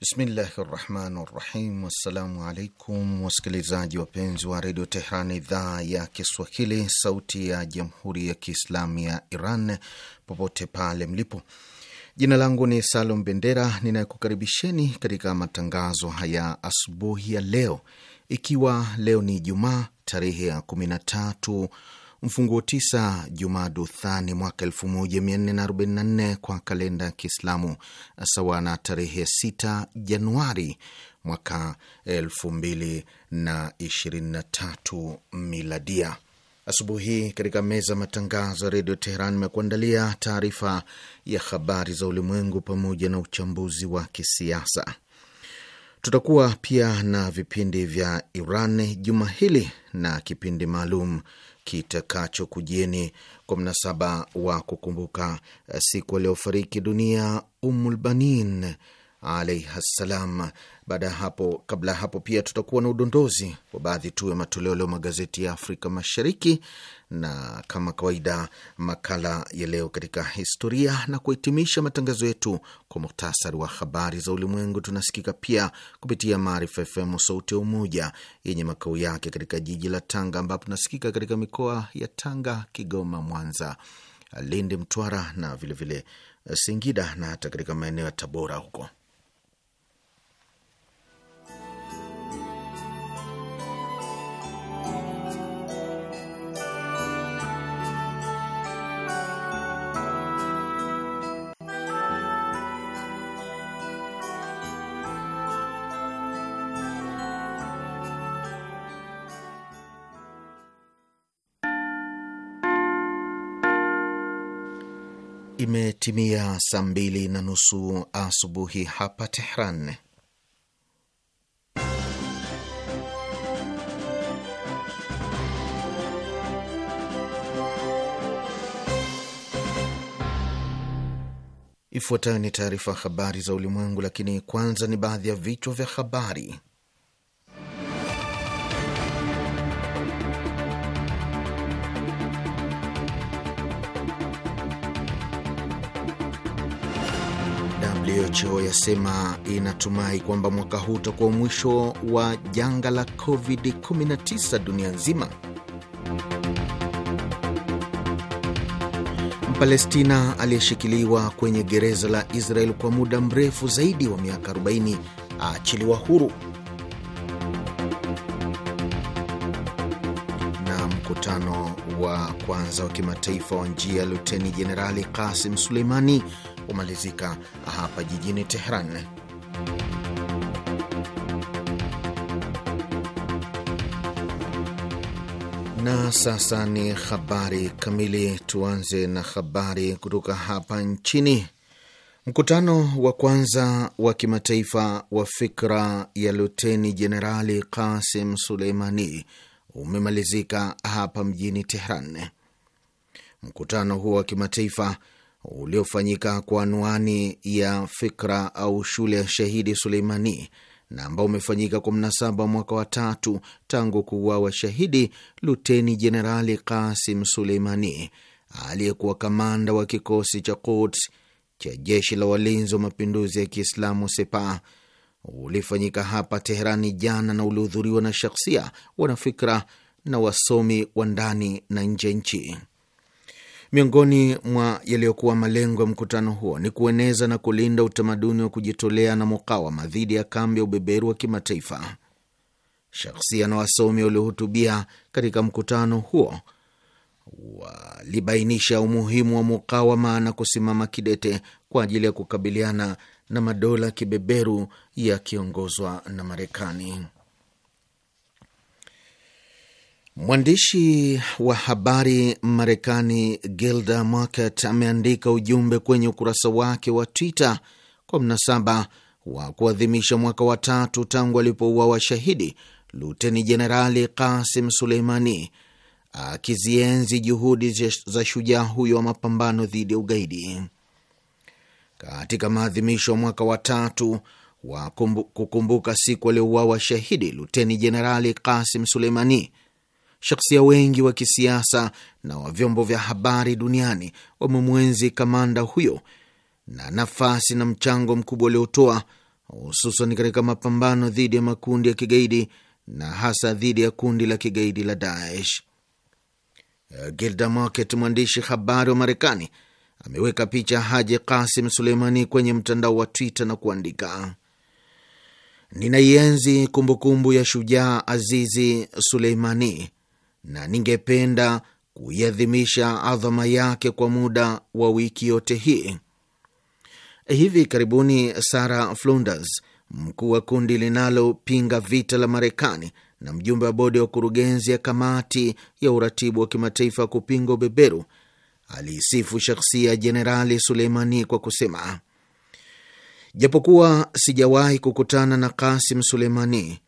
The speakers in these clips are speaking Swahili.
Bismillahi rahmani rahim. Wassalamu alaikum wasikilizaji wapenzi wa redio Tehran, idhaa ya Kiswahili, sauti ya jamhuri ya kiislamu ya Iran, popote pale mlipo. Jina langu ni Salum Bendera ninayekukaribisheni katika matangazo haya asubuhi ya leo, ikiwa leo ni Jumaa tarehe ya tatu mfunguo 9 Jumada Thani mwaka 1444 kwa kalenda ya Kiislamu, sawa na tarehe 6 Januari mwaka 2023 miladia. Asubuhi hii katika meza matangazo ya redio Teheran imekuandalia taarifa ya habari za ulimwengu pamoja na uchambuzi wa kisiasa. Tutakuwa pia na vipindi vya Iran juma hili na kipindi maalum kitakachokujeni kwa mnasaba wa kukumbuka eh, siku aliyofariki dunia Ummulbanin alaihi ssalam, baada ya hapo, kabla ya hapo pia tutakuwa na udondozi wa baadhi tu ya matoleo leo magazeti ya Afrika Mashariki, na kama kawaida makala ya leo katika historia, na kuhitimisha matangazo yetu kwa muhtasari wa habari za ulimwengu. Tunasikika pia kupitia Maarifa FM sauti ya Umoja yenye makao yake katika jiji la Tanga, ambapo tunasikika katika mikoa ya Tanga, Kigoma, Mwanza, Lindi, Mtwara na vilevile vile Singida na hata katika maeneo ya Tabora huko Imetimia saa mbili na nusu asubuhi hapa Tehran. Ifuatayo ni taarifa habari za ulimwengu, lakini kwanza ni baadhi ya vichwa vya habari. WHO yasema inatumai kwamba mwaka huu utakuwa mwisho wa janga la COVID-19 dunia nzima. Palestina aliyeshikiliwa kwenye gereza la Israel kwa muda mrefu zaidi wa miaka 40 aachiliwa huru, na mkutano wa kwanza wa kimataifa wa njia Luteni Jenerali Kasim Suleimani umalizika hapa jijini tehran Na sasa ni habari kamili. Tuanze na habari kutoka hapa nchini. Mkutano wa kwanza wa kimataifa wa fikra ya luteni jenerali Kasim Suleimani umemalizika hapa mjini Tehran. Mkutano huo wa kimataifa uliofanyika kwa anwani ya fikra au shule ya Shahidi Suleimani na ambao umefanyika kwa mnasaba mwaka wa tatu tangu kuuawa shahidi Luteni Jenerali Kasim Suleimani aliyekuwa kamanda wa kikosi cha Quds cha jeshi la walinzi wa mapinduzi ya Kiislamu sepa ulifanyika hapa Teherani jana na ulihudhuriwa na shakhsia wanafikra na wasomi wa ndani na nje nchi. Miongoni mwa yaliyokuwa malengo ya mkutano huo ni kueneza na kulinda utamaduni wa kujitolea na mukawama dhidi ya kambi ya ubeberu wa kimataifa. Shakhsia na wasomi waliohutubia katika mkutano huo walibainisha umuhimu wa mukawama na kusimama kidete kwa ajili ya kukabiliana na madola kibeberu yakiongozwa na Marekani. Mwandishi wa habari Marekani Gilda Market ameandika ujumbe kwenye ukurasa wake wa Twitter kwa mnasaba wa kuadhimisha mwaka wa tatu tangu alipouawa shahidi Luteni Jenerali Kasim Suleimani, akizienzi juhudi za shujaa huyo wa mapambano dhidi ya ugaidi. Katika maadhimisho ya mwaka wa tatu wa kukumbuka siku aliouawa shahidi Luteni Jenerali Kasim Suleimani, shakhsia wengi wa kisiasa na wa vyombo vya habari duniani wamemwenzi kamanda huyo na nafasi na mchango mkubwa uliotoa hususan katika mapambano dhidi ya makundi ya kigaidi na hasa dhidi ya kundi la kigaidi la Daesh. Gilda Market, mwandishi habari wa Marekani, ameweka picha Haji Kasim Suleimani kwenye mtandao wa Twitter na kuandika: Ninaienzi kumbukumbu ya shujaa Azizi Suleimani na ningependa kuiadhimisha adhama yake kwa muda wa wiki yote hii. Hivi karibuni Sarah Flunders, mkuu wa kundi linalopinga vita la Marekani na mjumbe wa bodi ya wakurugenzi ya kamati ya uratibu wa kimataifa wa kupinga ubeberu, aliisifu shakhsia ya Jenerali Suleimani kwa kusema, japokuwa sijawahi kukutana na Kasim Suleimani,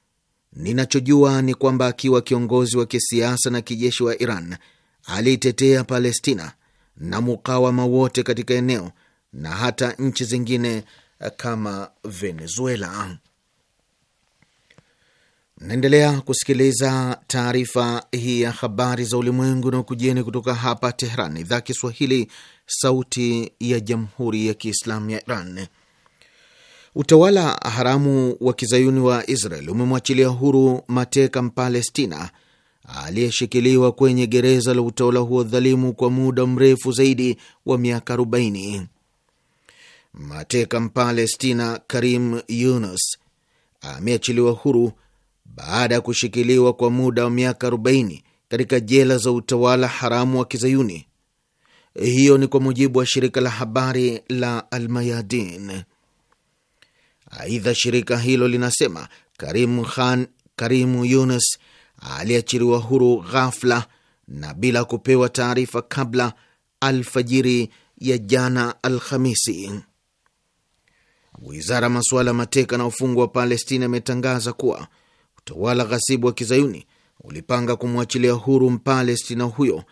Ninachojua ni kwamba akiwa kiongozi wa kisiasa na kijeshi wa Iran aliitetea Palestina na mukawama wote katika eneo na hata nchi zingine kama Venezuela. naendelea kusikiliza taarifa hii ya habari za ulimwengu na ukujieni kutoka hapa Tehran, idhaa Kiswahili, sauti ya jamhuri ya kiislamu ya Iran. Utawala haramu wa kizayuni wa Israel umemwachilia huru mateka Mpalestina aliyeshikiliwa kwenye gereza la utawala huo dhalimu kwa muda mrefu zaidi wa miaka 40. Mateka Mpalestina Karim Yunus ameachiliwa huru baada ya kushikiliwa kwa muda wa miaka 40 katika jela za utawala haramu wa kizayuni. Hiyo ni kwa mujibu wa shirika la habari la Almayadin. Aidha, shirika hilo linasema Karimu Khan Karimu Yunus aliachiriwa huru ghafla na bila kupewa taarifa kabla alfajiri ya jana Alhamisi. Wizara ya masuala mateka na ufungwa wa Palestina imetangaza kuwa utawala ghasibu wa kizayuni ulipanga kumwachilia huru mpalestina huyo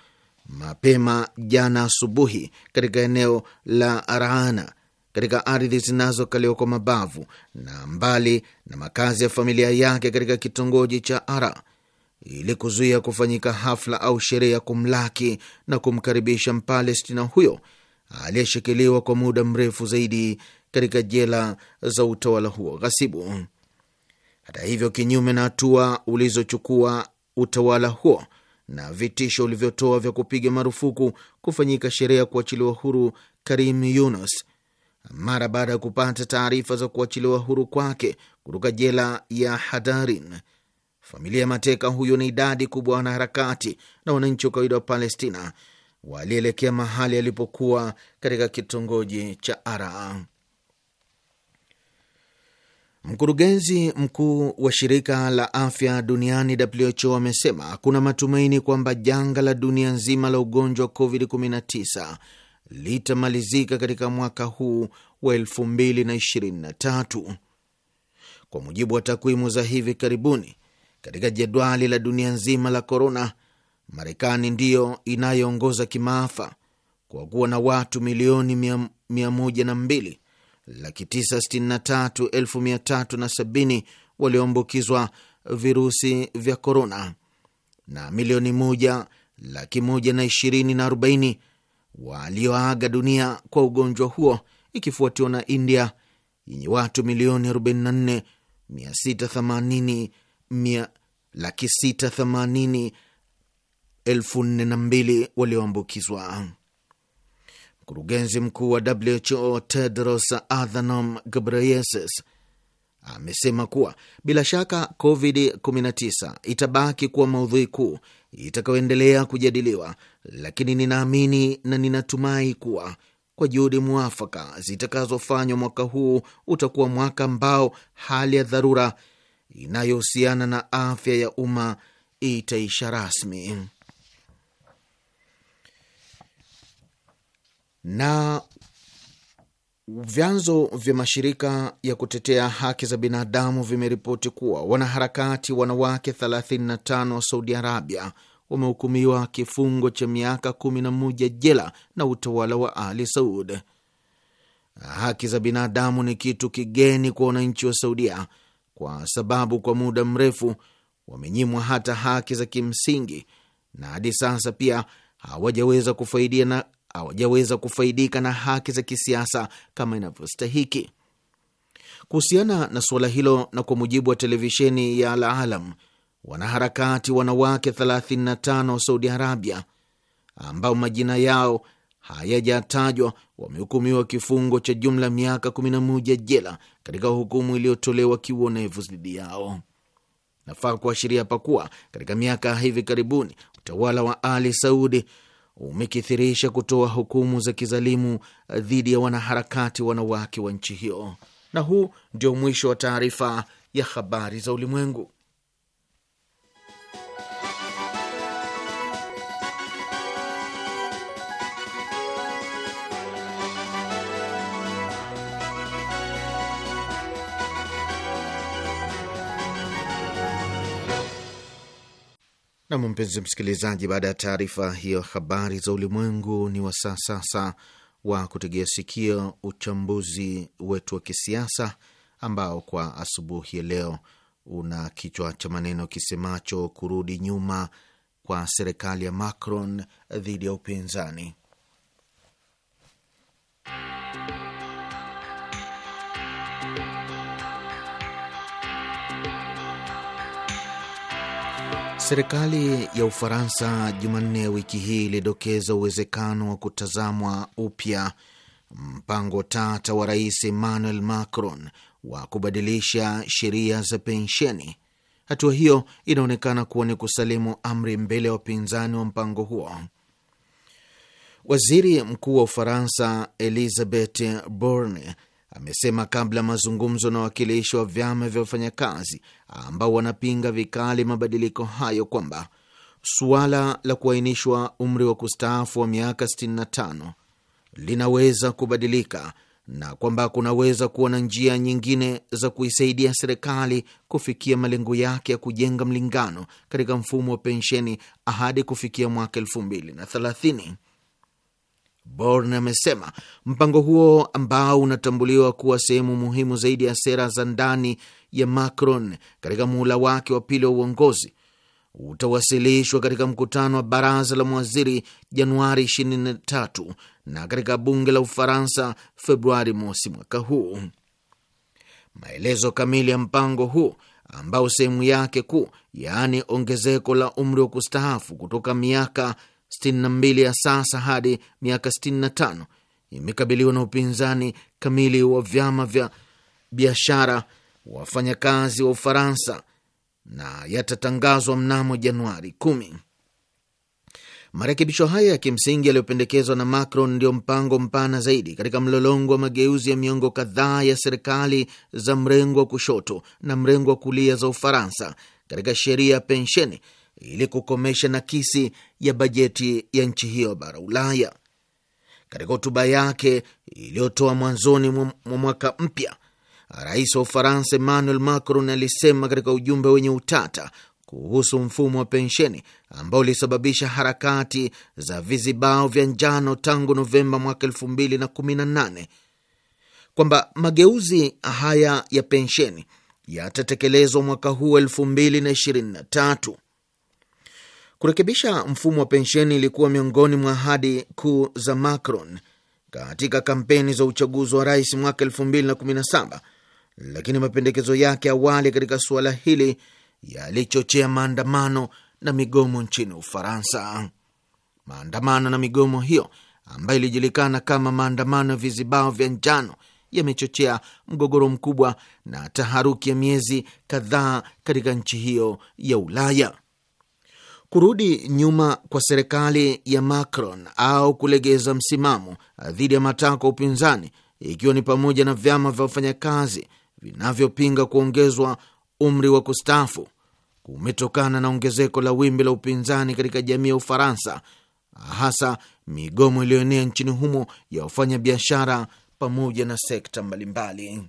mapema jana asubuhi katika eneo la Arana katika ardhi zinazokaliwa kwa mabavu na mbali na makazi ya familia yake katika kitongoji cha Ara ili kuzuia kufanyika hafla au sherehe ya kumlaki na kumkaribisha Mpalestina huyo aliyeshikiliwa kwa muda mrefu zaidi katika jela za utawala huo ghasibu. Hata hivyo, kinyume na hatua ulizochukua utawala huo na vitisho ulivyotoa vya kupiga marufuku kufanyika sherehe ya kuachiliwa huru Karim Yunus, mara baada ya kupata taarifa za kuachiliwa huru kwake kutoka jela ya Hadarin. Familia ya mateka huyo ni idadi kubwa ya wanaharakati na wananchi wa kawaida wa Palestina walielekea mahali alipokuwa katika kitongoji cha Araa. Mkurugenzi mkuu wa shirika la afya duniani WHO amesema kuna matumaini kwamba janga la dunia nzima la ugonjwa wa COVID-19 litamalizika katika mwaka huu wa 223 kwa mujibu wa takwimu za hivi karibuni katika jedwali la dunia nzima la korona. Marekani ndiyo inayoongoza kimaafa kwa kuwa na watu milioni 102 laki elfu walioambukizwa virusi vya korona na milioni moja laki moja na ishirini na arobaini walioaga dunia kwa ugonjwa huo ikifuatiwa na India yenye watu milioni 44 walioambukizwa. Mkurugenzi mkuu wa WHO Tedros Adhanom Ghebreyesus amesema kuwa bila shaka COVID-19 itabaki kuwa maudhui kuu itakayoendelea kujadiliwa, lakini ninaamini na ninatumai kuwa kwa juhudi mwafaka zitakazofanywa, mwaka huu utakuwa mwaka ambao hali ya dharura inayohusiana na afya ya umma itaisha rasmi. Na Vyanzo vya mashirika ya kutetea haki za binadamu vimeripoti kuwa wanaharakati wanawake 35 wa Saudi Arabia wamehukumiwa kifungo cha miaka 11 jela na utawala wa Ali Saud. Haki za binadamu ni kitu kigeni kwa wananchi wa Saudia kwa sababu kwa muda mrefu wamenyimwa hata haki za kimsingi na hadi sasa pia hawajaweza kufaidia na hawajaweza kufaidika na haki za kisiasa kama inavyostahiki. Kuhusiana na suala hilo, na kwa mujibu wa televisheni ya Al Alam, wanaharakati wanawake 35 wa Saudi Arabia ambao majina yao hayajatajwa wamehukumiwa kifungo cha jumla miaka 11 jela katika hukumu iliyotolewa kiuonevu dhidi yao. Nafaa kuashiria pakuwa kuwa katika miaka hivi karibuni utawala wa Ali Saudi umekithirisha kutoa hukumu za kizalimu dhidi ya wanaharakati wanawake wa nchi hiyo. Na huu ndio mwisho wa taarifa ya habari za ulimwengu. Nam, mpenzi msikilizaji, baada ya taarifa hiyo habari za ulimwengu, ni wasaa sasa wa kutegea sikio uchambuzi wetu wa kisiasa ambao kwa asubuhi ya leo una kichwa cha maneno kisemacho kurudi nyuma kwa serikali ya Macron dhidi ya upinzani Serikali ya Ufaransa Jumanne wiki hii ilidokeza uwezekano wa kutazamwa upya mpango tata wa Rais Emmanuel Macron wa kubadilisha sheria za pensheni. Hatua hiyo inaonekana kuwa ni kusalimu amri mbele ya wapinzani wa mpango huo. Waziri Mkuu wa Ufaransa Elizabeth Borne amesema kabla mazungumzo na wawakilishi wa vyama vya wafanyakazi ambao wanapinga vikali mabadiliko hayo kwamba suala la kuainishwa umri wa kustaafu wa miaka 65 linaweza kubadilika na kwamba kunaweza kuwa na njia nyingine za kuisaidia serikali kufikia malengo yake ya kujenga mlingano katika mfumo wa pensheni hadi kufikia mwaka elfu mbili na thelathini. Born amesema mpango huo ambao unatambuliwa kuwa sehemu muhimu zaidi ya sera za ndani ya Macron katika muhula wake wa pili wa uongozi utawasilishwa katika mkutano wa baraza la mawaziri Januari 23 na katika bunge la Ufaransa Februari mosi mwaka huu. Maelezo kamili ya mpango huu ambao sehemu yake kuu, yaani ongezeko la umri wa kustaafu kutoka miaka 62 ya sasa hadi miaka 65 imekabiliwa na upinzani kamili wa vyama vya biashara wafanyakazi wa Ufaransa na yatatangazwa mnamo Januari 10. Marekebisho haya ya kimsingi yaliyopendekezwa na Macron ndio mpango mpana zaidi katika mlolongo wa mageuzi ya miongo kadhaa ya serikali za mrengo wa kushoto na mrengo wa kulia za Ufaransa katika sheria ya pensheni ili kukomesha nakisi ya bajeti ya nchi hiyo bara Ulaya. Katika hotuba yake iliyotoa mwanzoni mwa mwaka mpya, rais wa Ufaransa Emmanuel Macron alisema katika ujumbe wenye utata kuhusu mfumo wa pensheni ambao ulisababisha harakati za vizibao vya njano tangu Novemba mwaka elfu mbili na kumi na nane kwamba mageuzi haya ya pensheni yatatekelezwa mwaka huu elfu mbili na ishirini na tatu. Kurekebisha mfumo wa pensheni ilikuwa miongoni mwa ahadi kuu za Macron katika kampeni za uchaguzi wa rais mwaka 2017 lakini mapendekezo yake awali katika suala hili yalichochea maandamano na migomo nchini Ufaransa. Maandamano na migomo hiyo ambayo ilijulikana kama maandamano ya vizibao vya njano yamechochea mgogoro mkubwa na taharuki ya miezi kadhaa katika nchi hiyo ya Ulaya. Kurudi nyuma kwa serikali ya Macron au kulegeza msimamo dhidi ya matakwa ya upinzani, ikiwa ni pamoja na vyama vya wafanyakazi vinavyopinga kuongezwa umri wa kustaafu, kumetokana na ongezeko la wimbi la upinzani katika jamii ya Ufaransa, hasa migomo iliyoenea nchini humo ya wafanyabiashara pamoja na sekta mbalimbali.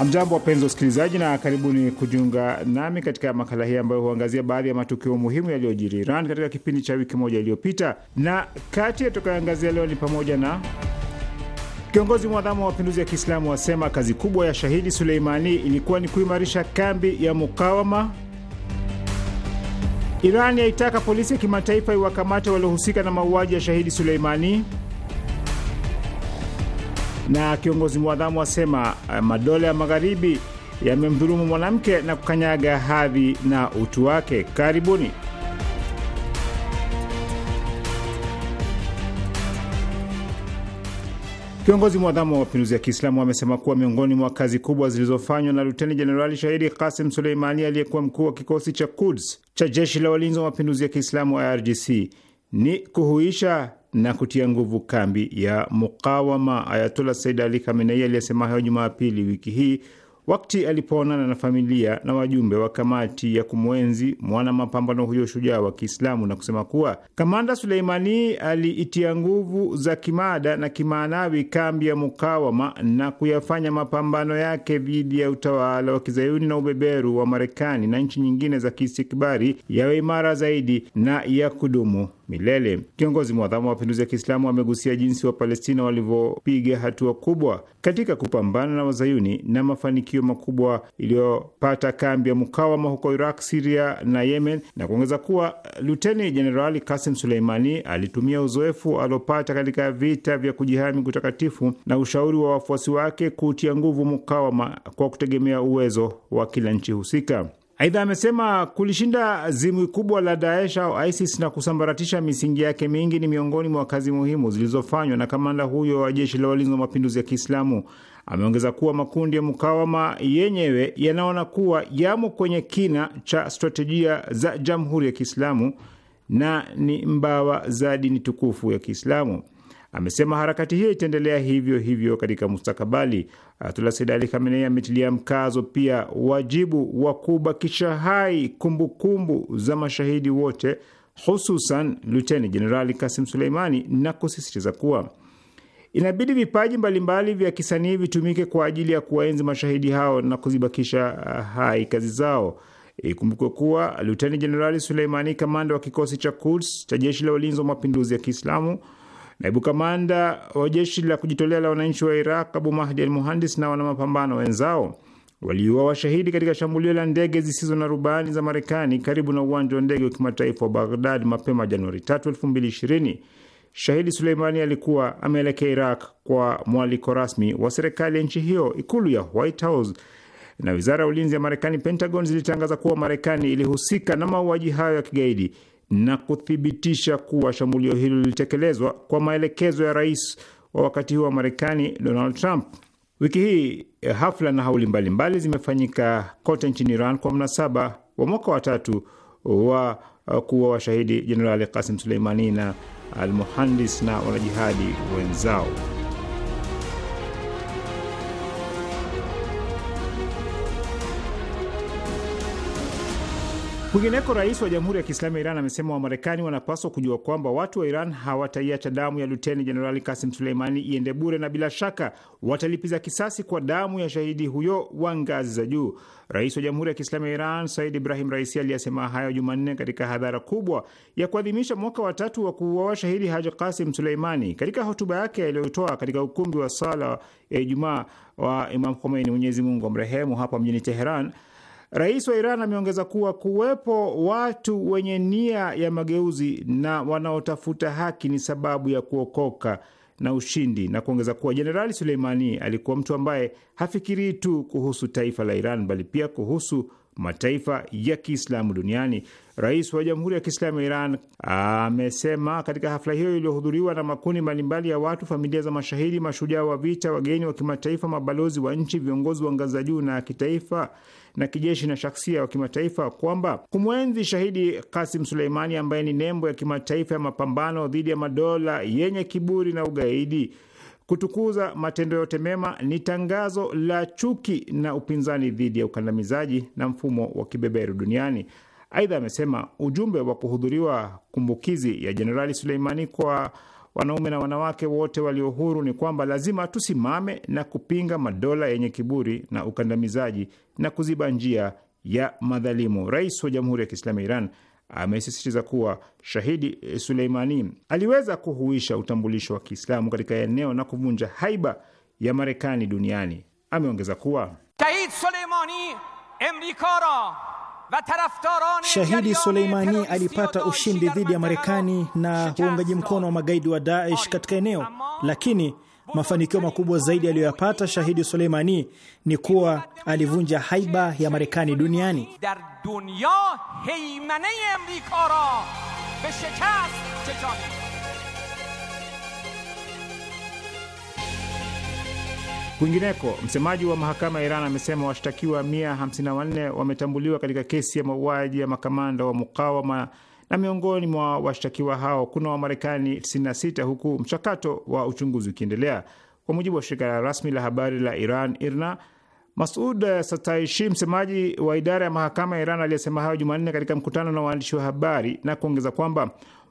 Amjambo, wapenzi wasikilizaji, na karibuni kujiunga nami katika makala hii ambayo huangazia baadhi ya matukio muhimu yaliyojiri Iran katika kipindi cha wiki moja iliyopita, na kati yatakayoangazia leo ni pamoja na Kiongozi mwadhamu wa mapinduzi ya Kiislamu wasema kazi kubwa ya shahidi Suleimani ilikuwa ni kuimarisha kambi ya mukawama. Iran yaitaka polisi ya kimataifa iwakamate waliohusika na mauaji ya shahidi Suleimani na kiongozi mwadhamu asema eh, madola ya magharibi yamemdhulumu mwanamke na kukanyaga hadhi na utu wake. Karibuni. Kiongozi mwadhamu wa mapinduzi ya Kiislamu amesema kuwa miongoni mwa kazi kubwa zilizofanywa na Luteni Jenerali Shahidi Kasim Suleimani aliyekuwa mkuu wa kikosi cha Kuds cha jeshi la walinzi wa mapinduzi ya Kiislamu IRGC ni kuhuisha na kutia nguvu kambi ya mukawama. Ayatola Said Ali Khamenei aliyesema hayo Jumapili wiki hii wakati alipoonana na familia na wajumbe wa kamati ya kumwenzi mwana mapambano huyo shujaa wa Kiislamu na kusema kuwa kamanda Suleimani aliitia nguvu za kimada na kimaanawi kambi ya mukawama na kuyafanya mapambano yake dhidi ya utawala wa kizayuni na ubeberu wa Marekani na nchi nyingine za kiistikbari yawe imara zaidi na ya kudumu milele. Kiongozi mwadhamu wa mapinduzi ya Kiislamu amegusia jinsi Wapalestina walivyopiga hatua kubwa katika kupambana na wazayuni na mafanikio makubwa iliyopata kambi ya mukawama huko Iraq, Siria na Yemen, na kuongeza kuwa Luteni Jenerali Kasim Suleimani alitumia uzoefu aliopata katika vita vya kujihami kutakatifu na ushauri wa wafuasi wake kutia nguvu mukawama kwa kutegemea uwezo wa kila nchi husika. Aidha amesema kulishinda zimwi kubwa la Daesh au ISIS na kusambaratisha misingi yake mingi ni miongoni mwa kazi muhimu zilizofanywa na kamanda huyo wa jeshi la walinzi wa mapinduzi ya Kiislamu. Ameongeza kuwa makundi ya mukawama yenyewe yanaona kuwa yamo kwenye kina cha stratejia za jamhuri ya Kiislamu na ni mbawa za dini tukufu ya Kiislamu. Amesema harakati hiyo itaendelea hivyo hivyo katika mustakabali. Ayatullah Sayyid Ali Khamenei ametilia mkazo pia wajibu wa kubakisha hai kumbukumbu kumbu za mashahidi wote, hususan Luteni Jenerali Kasim Suleimani, na kusisitiza kuwa inabidi vipaji mbalimbali vya kisanii vitumike kwa ajili ya kuwaenzi mashahidi hao na kuzibakisha uh, hai kazi zao. Ikumbukwe kuwa Luteni Jenerali Suleimani, kamanda wa kikosi cha Quds cha jeshi la ulinzi wa mapinduzi ya Kiislamu, Naibu kamanda wa jeshi la kujitolea la wananchi wa Iraq Abu Mahdi al Muhandis na wanamapambano wenzao waliuawa washahidi katika shambulio la ndege zisizo na rubani za Marekani karibu na uwanja wa ndege wa kimataifa wa Baghdad mapema Januari 3, 2020. Shahidi Suleimani alikuwa ameelekea Iraq kwa mwaliko rasmi wa serikali ya nchi hiyo. Ikulu ya White House na wizara ya ulinzi ya Marekani, Pentagon, zilitangaza kuwa Marekani ilihusika na mauaji hayo ya kigaidi na kuthibitisha kuwa shambulio hilo lilitekelezwa kwa maelekezo ya rais wa wakati huo wa Marekani, Donald Trump. Wiki hii eh, hafla na hauli mbalimbali zimefanyika kote nchini Iran kwa mnasaba wa mwaka watatu wa eh, kuwa washahidi Jenerali Kasim Suleimani na Almuhandis na wanajihadi wenzao. Kwingineko, rais wa Jamhuri ya Kiislamu ya Iran amesema Wamarekani wanapaswa kujua kwamba watu wa Iran hawataiacha damu ya Luteni Jenerali Kasim Suleimani iende bure na bila shaka watalipiza kisasi kwa damu ya shahidi huyo wa ngazi za juu. Rais wa Jamhuri ya Kiislamu ya Iran Said Ibrahim Raisi aliyesema hayo Jumanne katika hadhara kubwa ya kuadhimisha mwaka wa tatu wa kuuawa shahidi Haji Kasim Suleimani. Katika hotuba yake aliyotoa katika ukumbi wa sala ya Ijumaa wa Imam Khomeini, Mwenyezi Mungu amrehemu, hapa mjini Teheran Rais wa Iran ameongeza kuwa kuwepo watu wenye nia ya mageuzi na wanaotafuta haki ni sababu ya kuokoka na ushindi, na kuongeza kuwa Jenerali Suleimani alikuwa mtu ambaye hafikirii tu kuhusu taifa la Iran bali pia kuhusu mataifa ya Kiislamu duniani. Rais wa Jamhuri ya Kiislamu ya Iran amesema katika hafla hiyo iliyohudhuriwa na makundi mbalimbali ya watu, familia za mashahidi, mashujaa wa vita, wageni wa kimataifa, mabalozi wa nchi, viongozi wa ngazi za juu na kitaifa na kijeshi na shaksia wa kimataifa kwamba kumwenzi shahidi Kasim Suleimani ambaye ni nembo ya kimataifa ya mapambano dhidi ya madola yenye kiburi na ugaidi kutukuza matendo yote mema ni tangazo la chuki na upinzani dhidi ya ukandamizaji na mfumo wa kibeberu duniani. Aidha amesema ujumbe wa kuhudhuriwa kumbukizi ya Jenerali Suleimani kwa wanaume na wanawake wote walio huru ni kwamba lazima tusimame na kupinga madola yenye kiburi na ukandamizaji na kuziba njia ya madhalimu. Rais wa Jamhuri ya Kiislamu ya Iran amesisitiza kuwa shahidi eh, Suleimani aliweza kuhuisha utambulisho wa Kiislamu katika eneo na kuvunja haiba ya Marekani duniani. Ameongeza kuwa shahid Suleimani amrika ra Shahidi Suleimani alipata ushindi dhidi ya Marekani na uungaji mkono wa magaidi wa Daesh katika eneo, lakini mafanikio makubwa zaidi aliyoyapata Shahidi Suleimani ni kuwa alivunja haiba ya Marekani duniani. Kwingineko, msemaji wa mahakama ya Iran amesema washtakiwa 154 wametambuliwa katika kesi ya mauaji ya makamanda wa mukawama na miongoni mwa washtakiwa hao kuna Wamarekani 96 huku mchakato wa uchunguzi ukiendelea. Kwa mujibu wa shirika rasmi la habari la Iran IRNA, Masud Sataishi, msemaji wa idara ya mahakama ya Iran, aliyesema hayo Jumanne katika mkutano na waandishi wa habari na kuongeza kwamba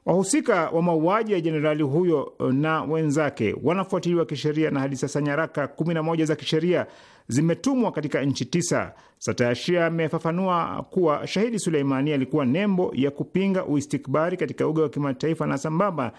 Wahusika wa mauaji ya jenerali huyo eh, na wenzake wanafuatiliwa kisheria na hadi sasa nyaraka 11 za kisheria zimetumwa katika nchi tisa. Satashia amefafanua kuwa shahidi Suleimani alikuwa nembo ya kupinga uistikbari katika uga wa kimataifa na sambamba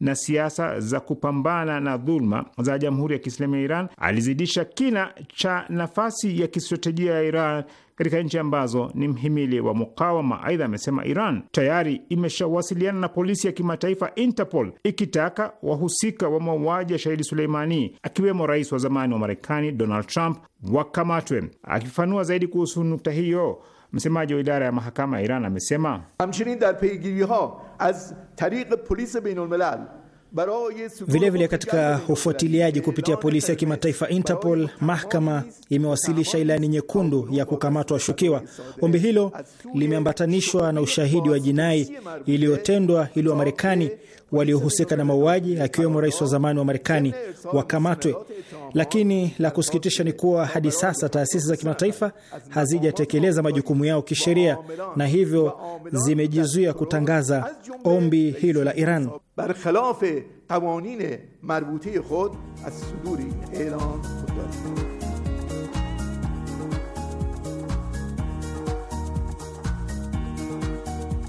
na siasa za kupambana na dhuluma za Jamhuri ya Kiislamu ya Iran alizidisha kina cha nafasi ya kistratejia ya Iran katika nchi ambazo ni mhimili wa mukawama. Aidha, amesema Iran tayari imeshawasiliana na polisi ya kimataifa Interpol ikitaka wahusika wa mauaji ya shahidi Suleimani, akiwemo rais wa zamani wa Marekani Donald Trump, wakamatwe. Akifafanua zaidi kuhusu nukta hiyo Msemaji wa idara ya mahakama ya Iran amesema vilevile vile katika ufuatiliaji kupitia polisi ya kimataifa Interpol, mahakama imewasilisha ilani nyekundu ya kukamatwa washukiwa. Ombi hilo limeambatanishwa na ushahidi wa jinai iliyotendwa ili Wamarekani waliohusika na mauaji akiwemo rais wa zamani wa Marekani wakamatwe. Lakini la kusikitisha ni kuwa hadi sasa taasisi za kimataifa hazijatekeleza majukumu yao kisheria na hivyo zimejizuia kutangaza ombi hilo la Iran.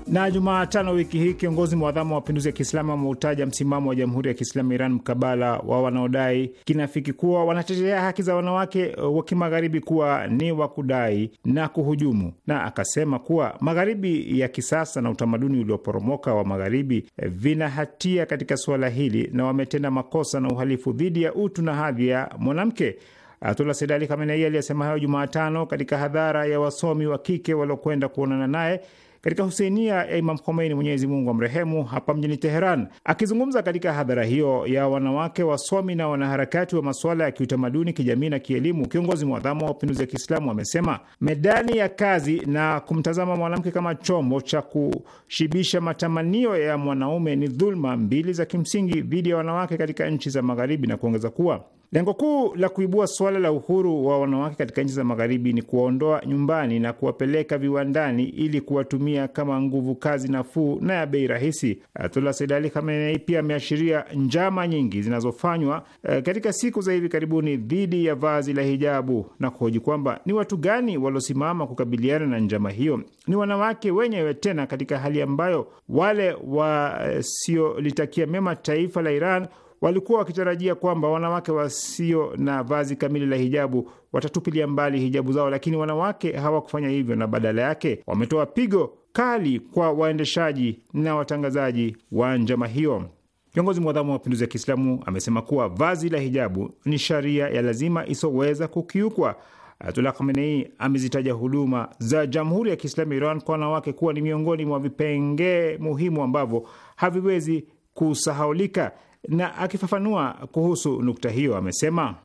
Na Jumatano wiki hii kiongozi mwadhamu wa mapinduzi ya Kiislamu ameutaja msimamo wa Jamhuri ya Kiislamu Iran mkabala wa wanaodai kinafiki kuwa wanatetea haki za wanawake wa kimagharibi kuwa ni wa kudai na kuhujumu, na akasema kuwa magharibi ya kisasa na utamaduni ulioporomoka wa magharibi vina hatia katika suala hili na wametenda makosa na uhalifu dhidi ya utu na hadhi ya mwanamke. Ayatullah Sayyid Ali Khamenei aliyesema hayo Jumatano katika hadhara ya wasomi wa kike waliokwenda kuonana naye katika huseinia ya Imam Khomeini, Mwenyezi Mungu amrehemu, hapa mjini Teheran. Akizungumza katika hadhara hiyo ya wanawake wasomi na wanaharakati wa masuala ya kiutamaduni, kijamii na kielimu, kiongozi mwadhamu wa mapinduzi ya Kiislamu amesema medani ya kazi na kumtazama mwanamke kama chombo cha kushibisha matamanio ya mwanaume ni dhuluma mbili za kimsingi dhidi ya wanawake katika nchi za Magharibi, na kuongeza kuwa Lengo kuu la kuibua suala la uhuru wa wanawake katika nchi za magharibi ni kuwaondoa nyumbani na kuwapeleka viwandani ili kuwatumia kama nguvu kazi nafuu na ya bei rahisi. Ayatullah Sayyid Ali Khamenei pia ameashiria njama nyingi zinazofanywa e, katika siku za hivi karibuni dhidi ya vazi la hijabu na kuhoji kwamba ni watu gani waliosimama kukabiliana na njama hiyo. Ni wanawake wenyewe, tena katika hali ambayo wale wasiolitakia eh, mema taifa la Iran walikuwa wakitarajia kwamba wanawake wasio na vazi kamili la hijabu watatupilia mbali hijabu zao, lakini wanawake hawakufanya hivyo, na badala yake wametoa pigo kali kwa waendeshaji na watangazaji wa njama hiyo. Kiongozi mwadhamu wa mapinduzi ya Kiislamu amesema kuwa vazi la hijabu ni sharia ya lazima isiyoweza kukiukwa. Ayatullah Khamenei amezitaja huduma za Jamhuri ya Kiislamu Iran kwa wanawake kuwa ni miongoni mwa vipengee muhimu ambavyo haviwezi kusahaulika na akifafanua kuhusu nukta hiyo amesema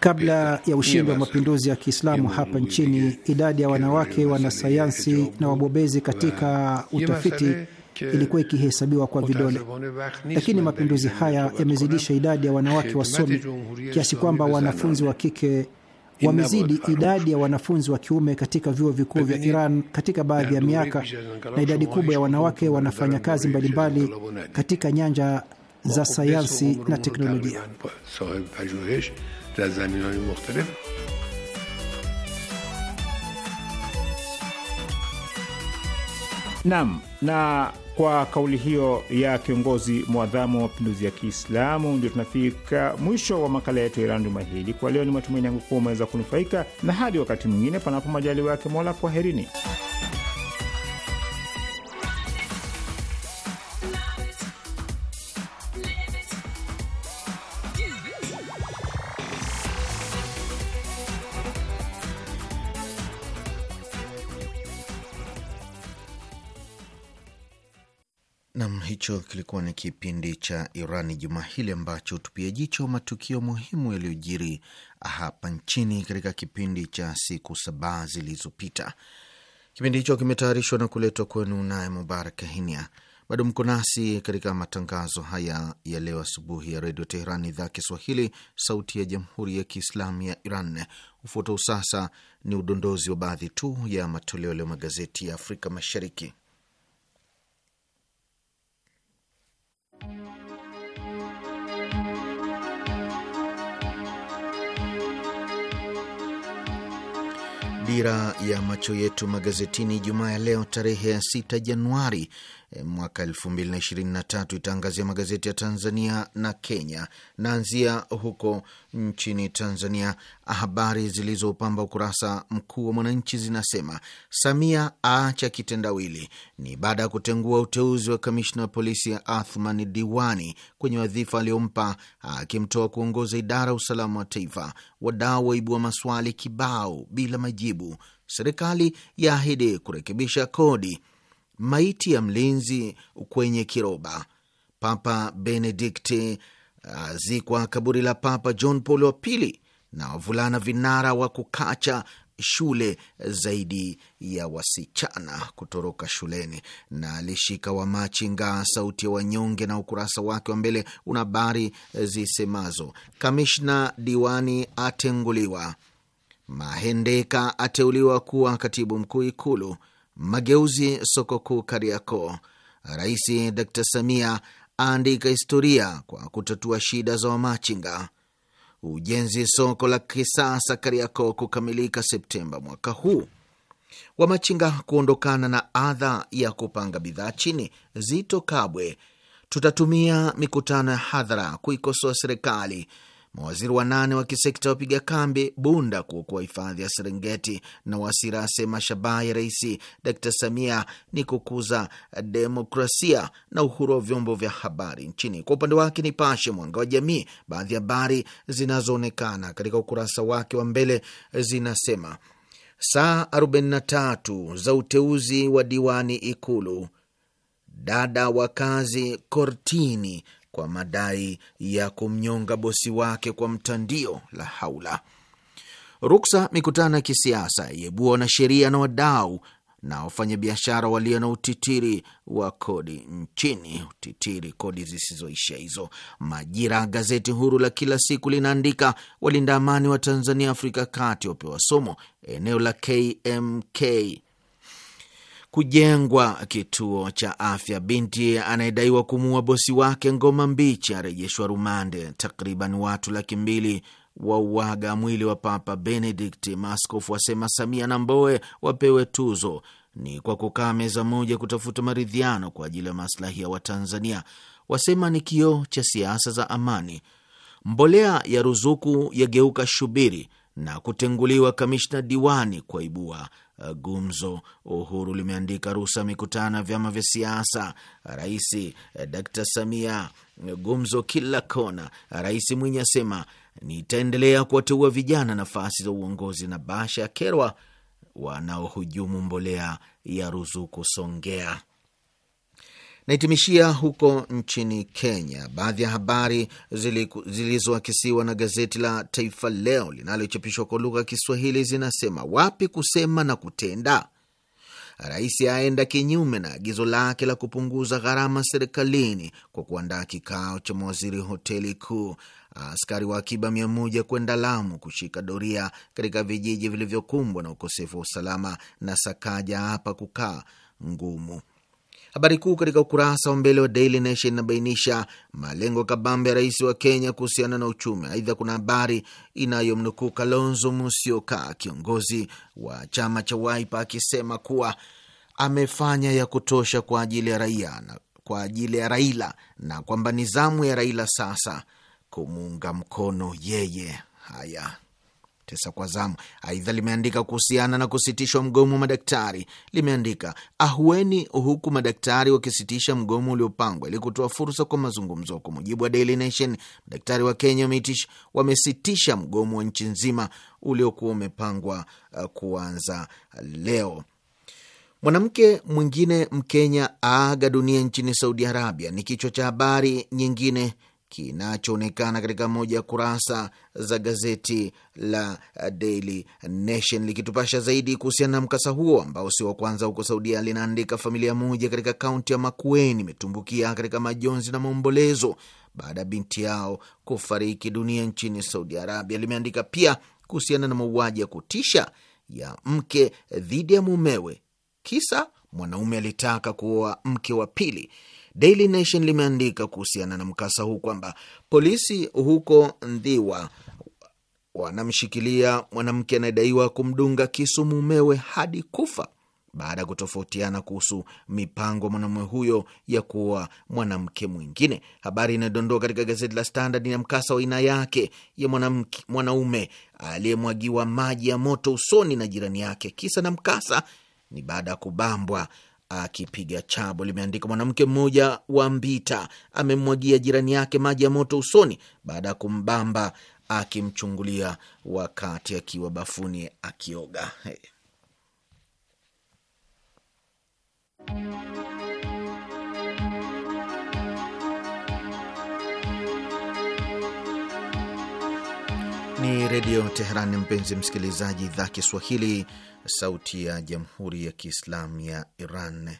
kabla ya ushindi wa mapinduzi ya Kiislamu hapa nchini, idadi ya wanawake wanasayansi na wabobezi katika utafiti ilikuwa ikihesabiwa kwa vidole, lakini mapinduzi haya yamezidisha idadi ya wanawake wasomi kiasi kwamba wanafunzi wa kike wamezidi idadi ya wanafunzi wa kiume katika vyuo vikuu vya Iran katika baadhi ya miaka, na idadi kubwa ya wanawake wanafanya kazi mbalimbali katika nyanja za sayansi na teknolojia. Naam, na kwa kauli hiyo ya kiongozi mwadhamu wa mapinduzi ya Kiislamu, ndio tunafika mwisho wa makala yetu ya Iran juma hili. Kwa leo, ni matumaini yangu kuwa umeweza kunufaika, na hadi wakati mwingine, panapo majaliwa yake Mola, kwaherini. hicho kilikuwa ni kipindi cha iran juma hili ambacho hutupia jicho matukio muhimu yaliyojiri hapa nchini katika kipindi cha siku saba zilizopita. Kipindi hicho kimetayarishwa na kuletwa kwenu naye Mubarak Hinia. Bado mko nasi katika matangazo haya ya leo asubuhi ya Redio Teheran, idhaa Kiswahili, sauti ya Jamhuri ya Kiislamu ya Iran. Ufuatao sasa ni udondozi wa baadhi tu ya matoleo leo magazeti ya Afrika Mashariki. Dira ya macho yetu magazetini Jumaa ya leo tarehe ya 6 Januari Eh, mwaka elfu mbili na ishirini na tatu itaangazia magazeti ya Tanzania na Kenya. Naanzia huko nchini Tanzania. Habari zilizopamba ukurasa mkuu wa Mwananchi zinasema Samia aacha kitendawili, ni baada ya kutengua uteuzi wa kamishna wa polisi ya Athman Diwani kwenye wadhifa aliyompa akimtoa kuongoza idara ya usalama wa taifa. Wadau waibua maswali kibao bila majibu. Serikali yaahidi kurekebisha kodi maiti ya mlinzi kwenye kiroba. Papa Benedikti uh, azikwa kaburi la Papa John Paul wa Pili na wavulana vinara wa kukacha shule zaidi ya wasichana kutoroka shuleni na alishika machinga sauti ya wanyonge, na ukurasa wake wa mbele una habari zisemazo: kamishna diwani atenguliwa, Mahendeka ateuliwa kuwa katibu mkuu Ikulu, mageuzi soko kuu Kariakoo, Rais d Samia aandika historia kwa kutatua shida za wamachinga. Ujenzi soko la kisasa Kariakoo kukamilika Septemba mwaka huu. Wamachinga kuondokana na adha ya kupanga bidhaa chini. Zito Kabwe: tutatumia mikutano ya hadhara kuikosoa serikali Mawaziri wanane wa kisekta wapiga kambi Bunda kuokoa hifadhi ya Serengeti. Na Wasira asema shabaha ya Rais d Samia ni kukuza demokrasia na uhuru wa vyombo vya habari nchini. Kwa upande wake, Nipashe Mwanga wa Jamii, baadhi ya habari zinazoonekana katika ukurasa wake wa mbele zinasema saa 43 za uteuzi wa diwani Ikulu, dada wa kazi kortini kwa madai ya kumnyonga bosi wake kwa mtandio. La haula! Ruksa mikutano ya kisiasa yebua na sheria na wadau na wafanyabiashara walio na utitiri wa kodi nchini, utitiri kodi zisizoisha hizo. Majira, gazeti huru la kila siku, linaandika walinda amani wa Tanzania Afrika Kati wapewa somo eneo la KMK kujengwa kituo cha afya. Binti anayedaiwa kumuua bosi wake ngoma mbichi arejeshwa rumande. Takriban watu laki mbili wauaga mwili wa Papa benedict Maaskofu wasema Samia na Mbowe wapewe tuzo ni kwa kukaa meza moja kutafuta maridhiano kwa ajili ya maslahi ya Watanzania. Wasema ni kioo cha siasa za amani. Mbolea ya ruzuku yageuka shubiri na kutenguliwa kamishna diwani kwaibua Uh, gumzo. Uhuru limeandika ruhusa mikutano ya vyama vya siasa, Rais uh, Dkt Samia uh, gumzo kila kona. Rais Mwinyi asema nitaendelea kuwateua vijana nafasi za uongozi, na Basha ya kerwa wanaohujumu mbolea ya ruzuku Songea naitimishia huko nchini Kenya. Baadhi ya habari zilizoakisiwa na gazeti la Taifa Leo linalochapishwa kwa lugha ya Kiswahili zinasema: wapi kusema na kutenda, rais aenda kinyume na agizo lake la kupunguza gharama serikalini kwa kuandaa kikao cha mawaziri hoteli kuu, askari wa akiba mia moja kwenda Lamu kushika doria katika vijiji vilivyokumbwa na ukosefu wa usalama, na Sakaja hapa kukaa ngumu Habari kuu katika ukurasa wa mbele wa Daily Nation inabainisha malengo kabambe ya rais wa Kenya kuhusiana na uchumi. Aidha, kuna habari inayomnukuu Kalonzo Musyoka, kiongozi wa chama cha Wiper, akisema kuwa amefanya ya kutosha kwa ajili ya raia na kwa ajili ya Raila na kwamba ni zamu ya Raila sasa kumuunga mkono yeye. Haya tisa kwa zamu. Aidha limeandika kuhusiana na kusitishwa mgomo wa madaktari, limeandika ahueni huku madaktari wakisitisha mgomo uliopangwa ili kutoa fursa kwa mazungumzo. Kwa mujibu wa Daily Nation, madaktari wa Kenya wameitisha wamesitisha mgomo wa nchi nzima uliokuwa umepangwa uh, kuanza leo. Mwanamke mwingine Mkenya aaga dunia nchini Saudi Arabia ni kichwa cha habari nyingine kinachoonekana katika moja ya kurasa za gazeti la Daily Nation likitupasha zaidi kuhusiana na mkasa huo ambao sio wa kwanza huko Saudia. Linaandika, familia moja katika kaunti ya Makueni imetumbukia katika majonzi na maombolezo baada ya binti yao kufariki dunia nchini Saudi Arabia. Limeandika pia kuhusiana na mauaji ya kutisha ya mke dhidi ya mumewe, kisa mwanaume alitaka kuoa mke wa pili. Daily Nation limeandika kuhusiana na mkasa huu kwamba polisi huko Ndhiwa wanamshikilia mwanamke anayedaiwa kumdunga kisu mumewe hadi kufa baada ya kutofautiana kuhusu mipango mwanamume huyo ya kuoa mwanamke mwingine. Habari inayodondoka katika gazeti la Standard ya mkasa wa aina yake ya mwanaume aliyemwagiwa maji ya moto usoni na jirani yake. Kisa na mkasa ni baada ya kubambwa akipiga chabo, limeandika mwanamke mmoja wa Mbita amemwagia jirani yake maji ya moto usoni baada ya kumbamba akimchungulia wakati akiwa bafuni akioga. Hey. Ni Redio Teherani, mpenzi msikilizaji, idhaa Kiswahili, sauti ya jamhuri ya kiislamu ya Iran.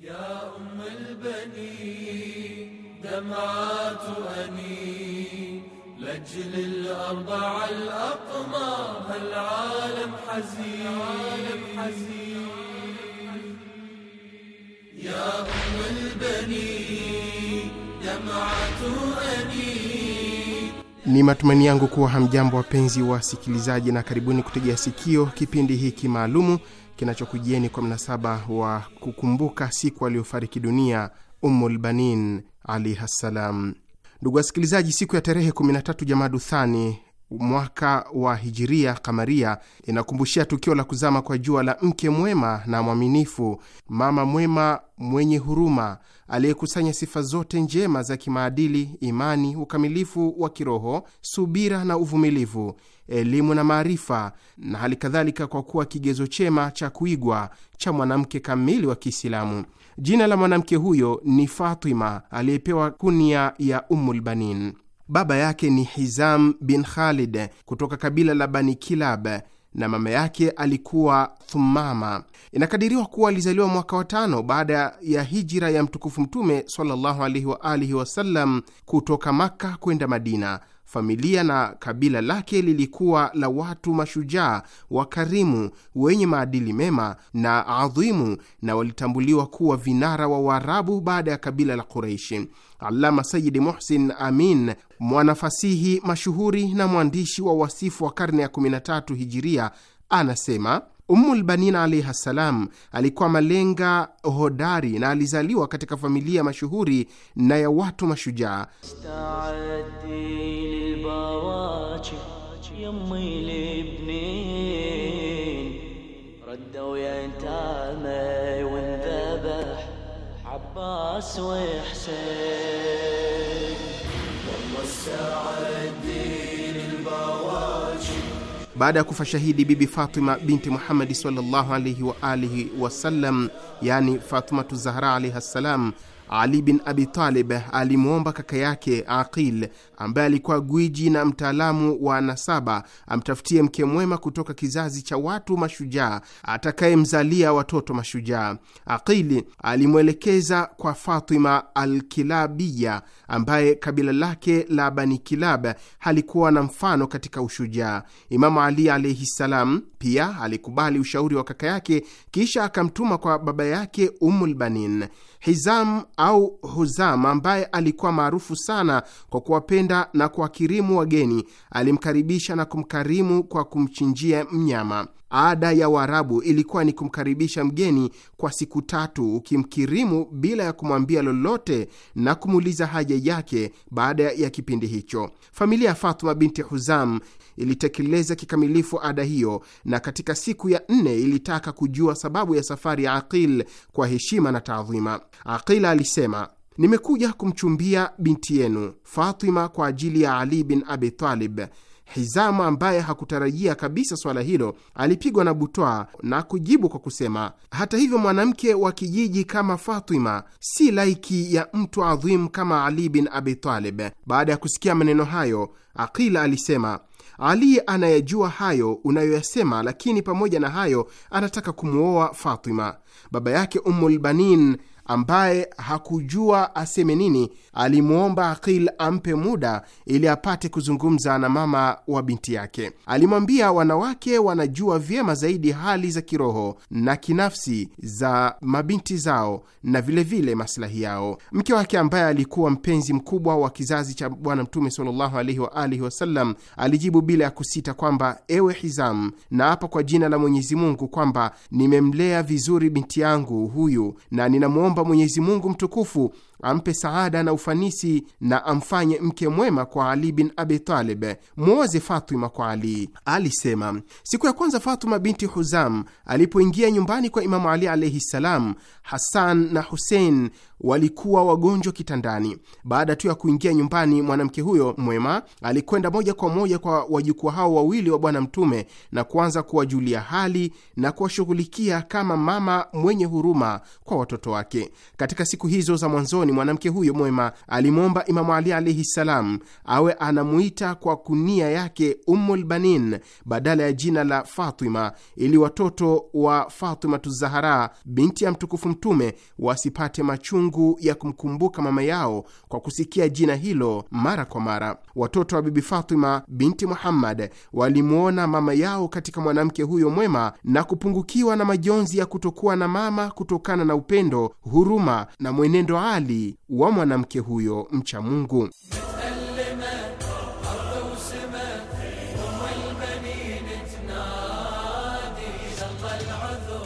Ya ummul bani dam'atu ani al al-aqma alam hazin Ya ummul bani dam'atu ani ni matumaini yangu kuwa hamjambo wapenzi wasikilizaji, na karibuni kutegea sikio kipindi hiki maalumu kinachokujieni kwa mnasaba wa kukumbuka siku aliyofariki dunia ummulbanin alaihi ssalam. Ndugu wasikilizaji, siku ya tarehe 13 Jamadu Thani mwaka wa hijiria kamaria inakumbushia tukio la kuzama kwa jua la mke mwema na mwaminifu, mama mwema mwenye huruma, aliyekusanya sifa zote njema za kimaadili, imani, ukamilifu wa kiroho, subira na uvumilivu, elimu na maarifa, na hali kadhalika, kwa kuwa kigezo chema cha kuigwa cha mwanamke kamili wa Kiislamu. Jina la mwanamke huyo ni Fatima, aliyepewa kunia ya Ummulbanin. Baba yake ni Hizam bin Khalid kutoka kabila la Bani Kilab na mama yake alikuwa Thumama. Inakadiriwa kuwa alizaliwa mwaka wa tano baada ya hijira ya mtukufu Mtume sallallahu alaihi wa alihi wasallam kutoka Makka kwenda Madina. Familia na kabila lake lilikuwa la watu mashujaa, wakarimu, wenye maadili mema na adhimu, na walitambuliwa kuwa vinara wa Waarabu baada ya kabila la Quraishi alama Sayidi Muhsin Amin, mwanafasihi mashuhuri na mwandishi wa wasifu wa karne ya 13 Hijiria, anasema Ummulbanin alaihi ssalam alikuwa malenga hodari na alizaliwa katika familia mashuhuri na ya watu mashujaa. عباس وحسين والله الساعة الدين البواجي baada ya kufa shahidi Bibi Fatima binti Muhammadi sallallahu alaihi wa alihi wasallam, yani Fatimatu Zahra alaihi ssalam Ali bin Abi Talib alimwomba kaka yake Aqil ambaye alikuwa gwiji na mtaalamu wa nasaba amtafutie mke mwema kutoka kizazi cha watu mashujaa atakayemzalia watoto mashujaa. Aqili alimwelekeza kwa Fatima Alkilabiya ambaye kabila lake la Bani Kilab halikuwa na mfano katika ushujaa. Imamu Ali alaihi ssalam pia alikubali ushauri wa kaka yake, kisha akamtuma kwa baba yake Ummulbanin. Hizam au Huzam ambaye alikuwa maarufu sana kwa kuwapenda na kuwakirimu wageni, alimkaribisha na kumkarimu kwa kumchinjia mnyama. Ada ya Waarabu ilikuwa ni kumkaribisha mgeni kwa siku tatu, ukimkirimu bila ya kumwambia lolote na kumuuliza haja yake baada ya kipindi hicho. Familia ya Fatuma binti Huzam ilitekeleza kikamilifu ada hiyo, na katika siku ya nne ilitaka kujua sababu ya safari ya Aqil kwa heshima na taadhima. Aqil alisema, nimekuja kumchumbia binti yenu Fatima kwa ajili ya Ali bin Abi Talib. Hizamu ambaye hakutarajia kabisa swala hilo alipigwa na butwa na kujibu kwa kusema, hata hivyo, mwanamke wa kijiji kama Fatima si laiki ya mtu adhimu kama Ali bin Abi Talib. Baada ya kusikia maneno hayo, Aqila alisema ali anayajua hayo unayoyasema, lakini pamoja na hayo anataka kumwoa Fatima. Baba yake Ummulbanin ambaye hakujua aseme nini, alimwomba Aqil ampe muda ili apate kuzungumza na mama wa binti yake. Alimwambia wanawake wanajua vyema zaidi hali za kiroho na kinafsi za mabinti zao na vilevile masilahi yao. Mke wake ambaye alikuwa mpenzi mkubwa wa kizazi cha Bwana Mtume sallallahu alaihi wa alihi wasallam alijibu bila ya kusita kwamba ewe Hizam, hapa kwa jina la Mwenyezi Mungu kwamba nimemlea vizuri binti yangu huyu na ninamwomba kumwomba Mwenyezi Mungu mtukufu ampe saada na ufanisi na amfanye mke mwema kwa Ali bin Abi Talib, mwoze Fatuma kwa Ali. Alisema, siku ya kwanza Fatuma binti Huzam alipoingia nyumbani kwa Imamu Ali alaihi ssalam, Hasan na Husein walikuwa wagonjwa kitandani. Baada tu ya kuingia nyumbani, mwanamke huyo mwema alikwenda moja kwa moja kwa wajukuu hao wawili wa Bwana Mtume na kuanza kuwajulia hali na kuwashughulikia kama mama mwenye huruma kwa watoto wake. Katika siku hizo za mwanzoni mwanamke huyo mwema alimwomba Imamu Ali alaihi salam awe anamuita kwa kunia yake ummulbanin badala ya jina la Fatima ili watoto wa Fatimatu Zahara binti ya mtukufu Mtume wasipate machungu ya kumkumbuka mama yao kwa kusikia jina hilo mara kwa mara. Watoto wa Bibi Fatima binti Muhammad walimwona mama yao katika mwanamke huyo mwema na kupungukiwa na majonzi ya kutokuwa na mama kutokana na upendo, huruma na mwenendo ali wa mwanamke huyo mcha Mungu.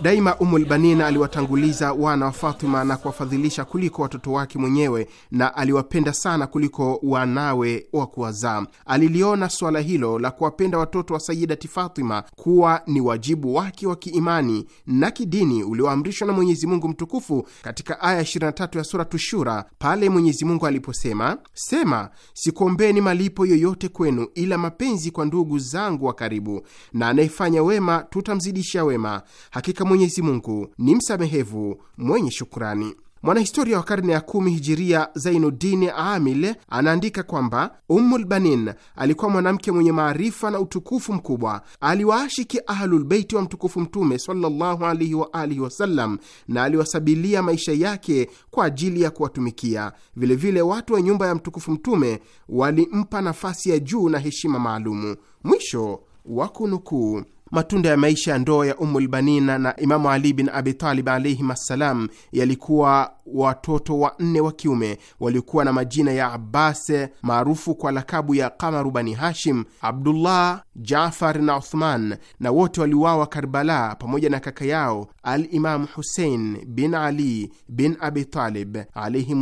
Daima Umul aliwatanguliza wana wa Fatima na kuwafadhilisha kuliko watoto wake mwenyewe, na aliwapenda sana kuliko wanawe wa kuwazaa. Aliliona suala hilo la kuwapenda watoto wa Sayidati Fatima kuwa ni wajibu wake wa kiimani na kidini ulioamrishwa na Mwenyezi Mungu mtukufu katika aya 23 ya Suratu Shura, pale Mwenyezi Mungu aliposema: Sema, sikuombeni malipo yoyote kwenu ila mapenzi kwa ndugu zangu wa karibu, na anayefanya wema tutamzidishia wema, hakika Mwenyezi Mungu ni msamehevu mwenye shukurani. Mwanahistoria wa karne ya kumi hijiria Zainuddin Amil anaandika kwamba ummulbanin Banin alikuwa mwanamke mwenye maarifa na utukufu mkubwa. Aliwaashiki Ahlulbeiti wa mtukufu Mtume sallallahu wa alihi wasallam na aliwasabilia maisha yake kwa ajili ya kuwatumikia. Vilevile watu wa nyumba ya mtukufu Mtume walimpa nafasi ya juu na heshima maalumu. Mwisho wa kunukuu. Matunda ya maisha ya ndoa ya Ummul Banina na Imamu Ali bin Abi Talib alaihim assalam yalikuwa watoto wanne wa kiume waliokuwa na majina ya abbas maarufu kwa lakabu ya Kamaru Bani Hashim, Abdullah, Jafar na Uthman, na wote waliuawa Karbala pamoja na kaka yao Alimamu Husein bin Ali bin Abi Talib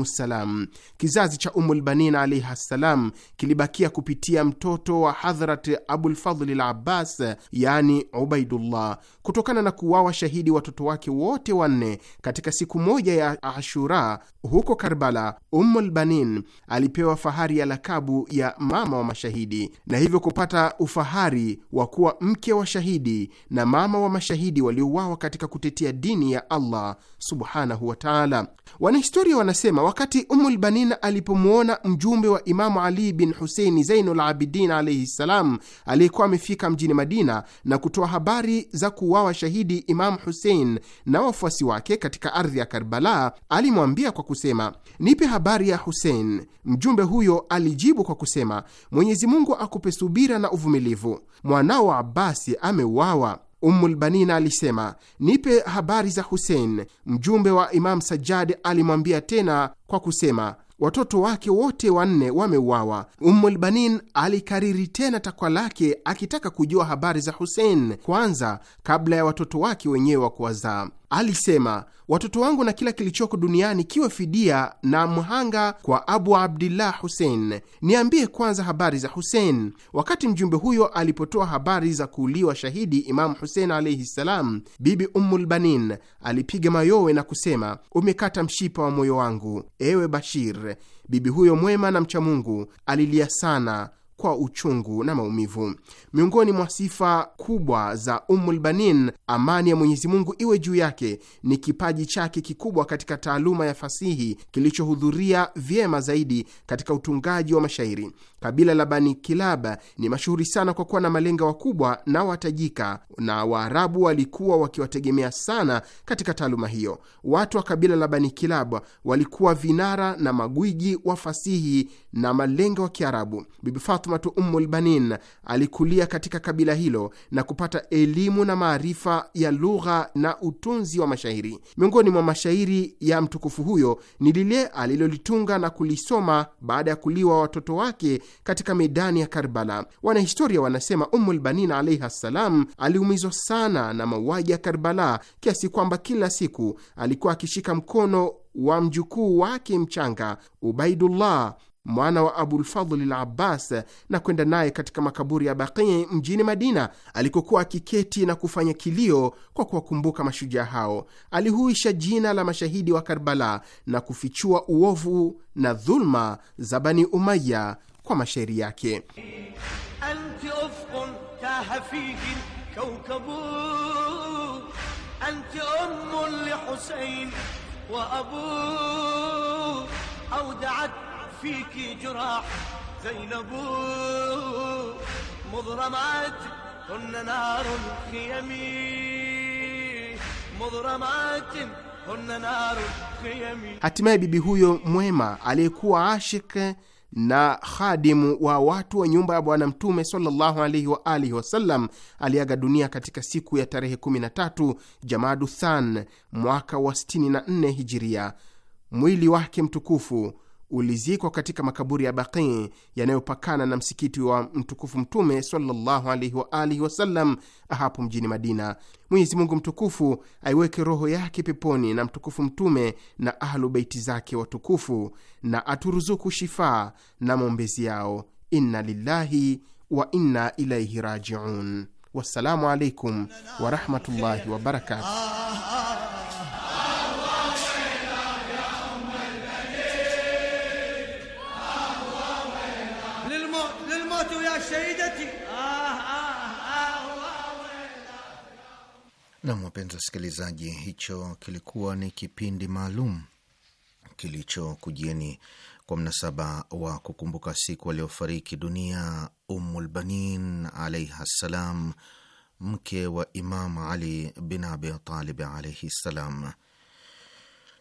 ssalam. Kizazi cha Ummul Banina alaihi ssalam kilibakia kupitia mtoto wa Hadhrat Abulfadhli Abbas yani Ubaidullah kutokana na kuwawa shahidi watoto wake wote wanne katika siku moja ya Ashura huko Karbala. Ummul Banin alipewa fahari ya lakabu ya mama wa mashahidi na hivyo kupata ufahari wa kuwa mke wa shahidi na mama wa mashahidi waliouawa katika kutetea dini ya Allah subhanahu wataala. Wanahistoria wanasema wakati Ummul Banin alipomwona mjumbe wa Imamu Ali bin Huseini Zainul Abidin alaihi ssalam aliyekuwa amefika mjini Madina na kutoa habari za kuuawa shahidi Imamu Husein na wafuasi wake katika ardhi ya Karbala, alimwambia kwa kusema, nipe habari ya Husein. Mjumbe huyo alijibu kwa kusema, Mwenyezi Mungu akupe subira na uvumilivu, mwanao Abasi ameuawa. Ummulbanina alisema nipe habari za Husein. Mjumbe wa Imamu Sajjad alimwambia tena kwa kusema watoto wake wote wanne wameuawa. Ummul alikariri tena takwa lake akitaka kujua habari za Husein kwanza kabla ya watoto wake wenyewe wa kuwazaa. Alisema, watoto wangu na kila kilichoko duniani kiwe fidia na mhanga kwa Abu Abdillah Hussein. Niambie kwanza habari za Hussein. Wakati mjumbe huyo alipotoa habari za kuuliwa shahidi Imamu Hussein alaihi ssalam, Bibi ummulbanin alipiga mayowe na kusema, umekata mshipa wa moyo wangu, ewe Bashir. Bibi huyo mwema na mchamungu alilia sana kwa uchungu na maumivu. Miongoni mwa sifa kubwa za ummulbanin amani ya Mwenyezi Mungu iwe juu yake, ni kipaji chake kikubwa katika taaluma ya fasihi kilichohudhuria vyema zaidi katika utungaji wa mashairi. Kabila la Bani kilab ni mashuhuri sana kwa kuwa na malenga wakubwa na watajika, na Waarabu walikuwa wakiwategemea sana katika taaluma hiyo. Watu wa kabila la Bani kilab walikuwa vinara na magwiji wa fasihi na malenga wa Kiarabu. Bibi Fatimatu Ummul Banin alikulia katika kabila hilo na kupata elimu na maarifa ya lugha na utunzi wa mashairi. Miongoni mwa mashairi ya mtukufu huyo ni lile alilolitunga na kulisoma baada ya kuliwa watoto wake katika medani ya Karbala. Wanahistoria wanasema ummulbanin alaihi ssalam aliumizwa sana na mauaji ya Karbala kiasi kwamba kila siku alikuwa akishika mkono wa mjukuu wake mchanga Ubaidullah mwana wa Abulfadhli l Abbas na kwenda naye katika makaburi ya baqi mjini Madina alikokuwa akiketi na kufanya kilio kwa kuwakumbuka mashujaa hao. Alihuisha jina la mashahidi wa Karbala na kufichua uovu na dhulma za Bani Umaya kwa mashairi yake. Hatimaye bibi huyo mwema aliyekuwa ashik na khadimu wa watu wa nyumba ya Bwana Mtume sallallahu alaihi wa alihi wasallam aliaga dunia katika siku ya tarehe 13 Jamadu Than mwaka wa 64 Hijiria. Mwili wake mtukufu ulizikwa katika makaburi ya baqi yanayopakana na msikiti wa mtukufu Mtume sallallahu alaihi wa alihi wasallam hapo mjini Madina. Mwenyezi Mungu mtukufu aiweke roho yake peponi na mtukufu Mtume na ahlu beiti zake watukufu, na aturuzuku shifaa na maombezi yao. Inna lillahi wa inna ilaihi rajiun. Wassalamu alaikum warahmatullahi wabarakatuh. Nam, wapenzi wasikilizaji, hicho kilikuwa ni kipindi maalum kilichokujieni kwa mnasaba wa kukumbuka siku aliyofariki dunia Ummulbanin alaiha ssalam, mke wa Imam Ali bin Abitalib alaihi ssalam.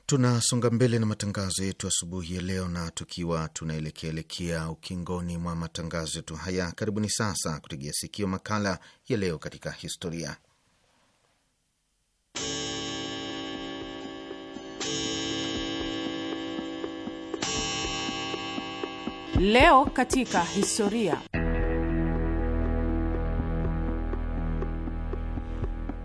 Tunasonga mbele na matangazo yetu asubuhi ya leo, na tukiwa tunaelekeaelekea ukingoni mwa matangazo yetu haya, karibuni sasa kutegea sikio makala ya leo katika historia Leo katika historia.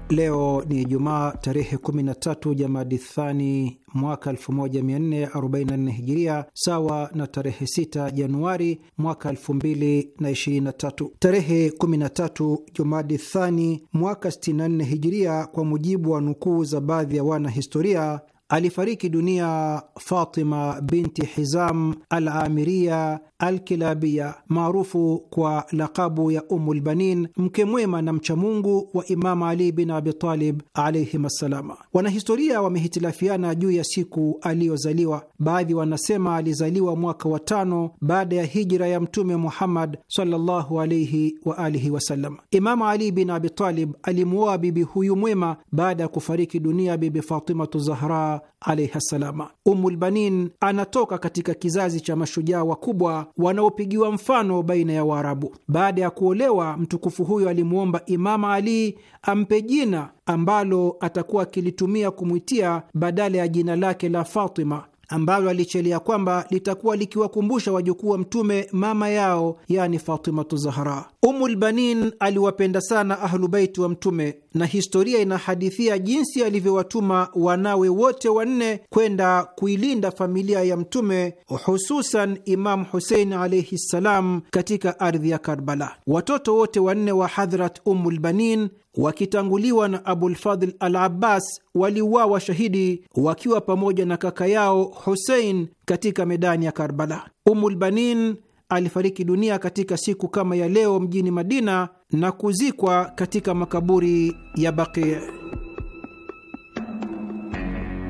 Leo ni Ijumaa tarehe 13 Jamadi Thani mwaka 1444 Hijiria, sawa na tarehe 6 Januari mwaka 2023. Tarehe 13 Jamadi Thani mwaka 64 Hijiria, kwa mujibu wa nukuu za baadhi ya wanahistoria, alifariki dunia Fatima binti Hizam al Amiria Alkilabia, maarufu kwa lakabu ya Ummulbanin, mke mwema na mchamungu wa Imamu Ali bin Abitalib alaihim assalama. Wanahistoria wamehitilafiana juu ya siku aliyozaliwa. Baadhi wanasema alizaliwa mwaka wa tano baada ya hijra ya Mtume Muhammad sallallahu alaihi wa alihi wasallam. Imamu Ali bin Abitalib alimuoa bibi huyu mwema baada ya kufariki dunia Bibi Fatimatu Zahra alaihi ssalama. Ummulbanin anatoka katika kizazi cha mashujaa wakubwa wanaopigiwa mfano baina ya Waarabu. Baada ya kuolewa, mtukufu huyo alimwomba Imama Ali ampe jina ambalo atakuwa akilitumia kumwitia badala ya jina lake la Fatima ambalo alichelea kwamba litakuwa likiwakumbusha wajukuu wa Mtume mama yao, yani Fatimatu Zahra. Ummulbanin aliwapenda sana Ahlubaiti wa Mtume, na historia inahadithia jinsi alivyowatuma wanawe wote wanne kwenda kuilinda familia ya Mtume, hususan Imamu Husein alaihi ssalam, katika ardhi ya Karbala. Watoto wote wanne wa Hadhrat Ummulbanin wakitanguliwa na Abulfadhl al Abbas waliuawa shahidi wakiwa pamoja na kaka yao Husein katika medani ya Karbala. Umulbanin alifariki dunia katika siku kama ya leo mjini Madina na kuzikwa katika makaburi ya Baqi.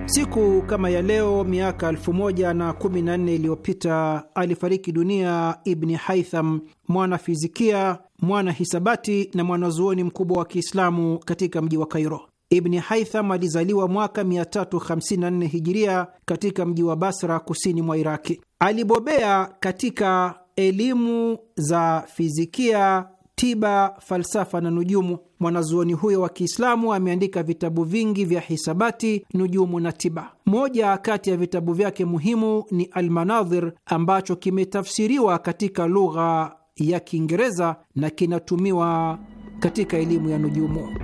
Siku kama ya leo miaka elfu na iliyopita alifariki dunia Ibni Haitham, mwanafizikia mwana hisabati na mwanazuoni mkubwa wa Kiislamu katika mji wa Kairo. Ibni Haitham alizaliwa mwaka 354 hijiria katika mji wa Basra, kusini mwa Iraki. Alibobea katika elimu za fizikia, tiba, falsafa na nujumu. Mwanazuoni huyo wa Kiislamu ameandika vitabu vingi vya hisabati, nujumu na tiba. Moja kati ya vitabu vyake muhimu ni Almanadhir ambacho kimetafsiriwa katika lugha ya Kiingereza na kinatumiwa katika elimu ya nujumu.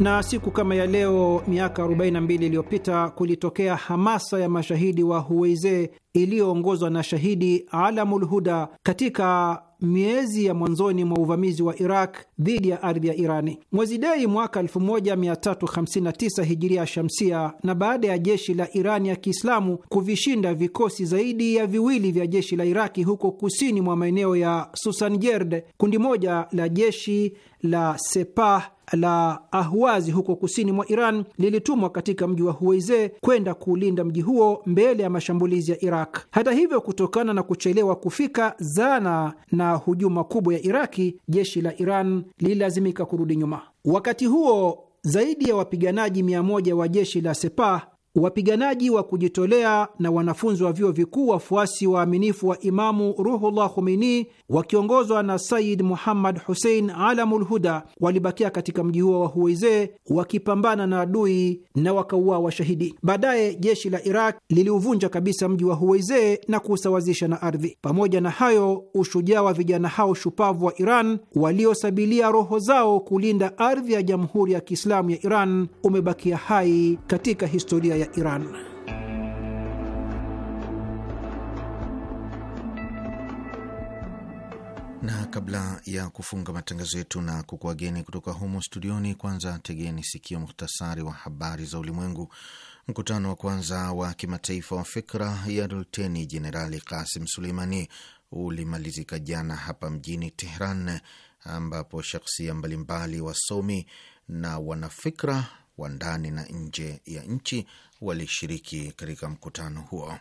Na siku kama ya leo miaka 42 iliyopita kulitokea hamasa ya mashahidi wa Huweize iliyoongozwa na shahidi Alamul Huda katika miezi ya mwanzoni mwa uvamizi wa Iraq dhidi ya ardhi ya Irani. Mwezi Dei mwaka 1359 hijiria shamsia, na baada ya jeshi la Irani ya Kiislamu kuvishinda vikosi zaidi ya viwili vya jeshi la Iraki huko kusini mwa maeneo ya Susanjerde, kundi moja la jeshi la Sepah la Ahwazi huko kusini mwa Iran lilitumwa katika mji wa Huweize kwenda kuulinda mji huo mbele ya mashambulizi ya Iraq. Hata hivyo, kutokana na kuchelewa kufika zana na hujuma kubwa ya Iraki, jeshi la Iran lililazimika kurudi nyuma. Wakati huo zaidi ya wapiganaji mia moja wa jeshi la Sepah Wapiganaji wa kujitolea na wanafunzi wa vyuo vikuu wafuasi waaminifu wa Imamu Ruhullah Khomeini wakiongozwa na Sayid Muhammad Husein Alamul Huda walibakia katika mji huo wa Huweize wakipambana na adui na wakauawa washahidi Baadaye jeshi la Iraq liliuvunja kabisa mji wa Huweize na kuusawazisha na ardhi. Pamoja na hayo, ushujaa wa vijana hao shupavu wa Iran waliosabilia roho zao kulinda ardhi ya Jamhuri ya Kiislamu ya Iran umebakia hai katika historia ya Iran. Na kabla ya kufunga matangazo yetu na kukuageni kutoka humo studioni, kwanza tegeni sikio muhtasari wa habari za ulimwengu. Mkutano wa kwanza wa kimataifa wa fikra ya Luteni Jenerali Kasim Suleimani ulimalizika jana hapa mjini Tehran, ambapo shakhsia mbalimbali, wasomi na wanafikra wa ndani na nje ya nchi walishiriki katika mkutano huo.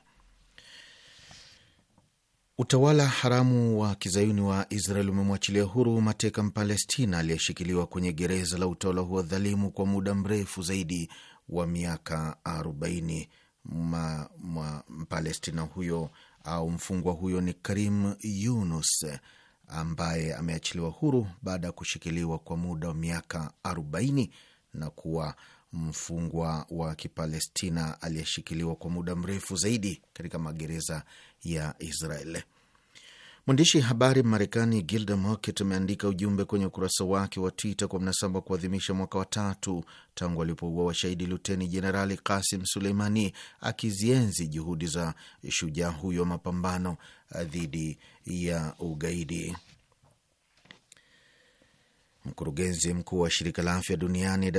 Utawala haramu wa kizayuni wa Israel umemwachilia huru mateka Mpalestina aliyeshikiliwa kwenye gereza la utawala huo dhalimu kwa muda mrefu zaidi wa miaka 40. Mpalestina huyo au mfungwa huyo ni Karim Yunus ambaye ameachiliwa huru baada ya kushikiliwa kwa muda wa miaka 40 na kuwa mfungwa wa Kipalestina aliyeshikiliwa kwa muda mrefu zaidi katika magereza ya Israel. Mwandishi habari Marekani Gilda Market ameandika ujumbe kwenye ukurasa wake wa Twitter kwa mnasaba wa kuadhimisha mwaka wa tatu tangu alipouawa washahidi Luteni Jenerali Kasim Suleimani, akizienzi juhudi za shujaa huyo wa mapambano dhidi ya ugaidi. Mkurugenzi mkuu wa shirika la afya duniani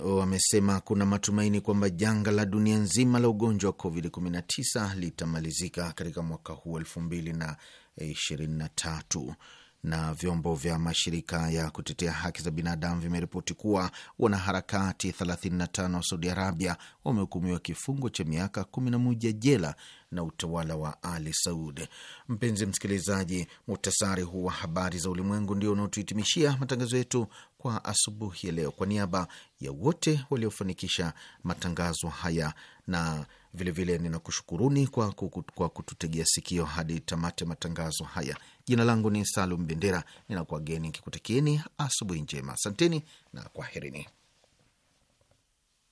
WHO amesema kuna matumaini kwamba janga la dunia nzima la ugonjwa wa COVID-19 litamalizika katika mwaka huu 2023 na vyombo vya mashirika ya kutetea haki za binadamu vimeripoti kuwa wanaharakati 35 wa Saudi Arabia wamehukumiwa kifungo cha miaka 11 jela na utawala wa Ali Saud. Mpenzi msikilizaji, muhtasari huu wa habari za ulimwengu ndio unaotuhitimishia matangazo yetu kwa asubuhi ya leo. Kwa niaba ya wote waliofanikisha matangazo haya na Vilevile ninakushukuruni kwa, kwa kututegea sikio hadi tamate matangazo haya. Jina langu ni Salum Bendera, ninakuageni kikutakieni asubuhi njema. Asanteni na kwaherini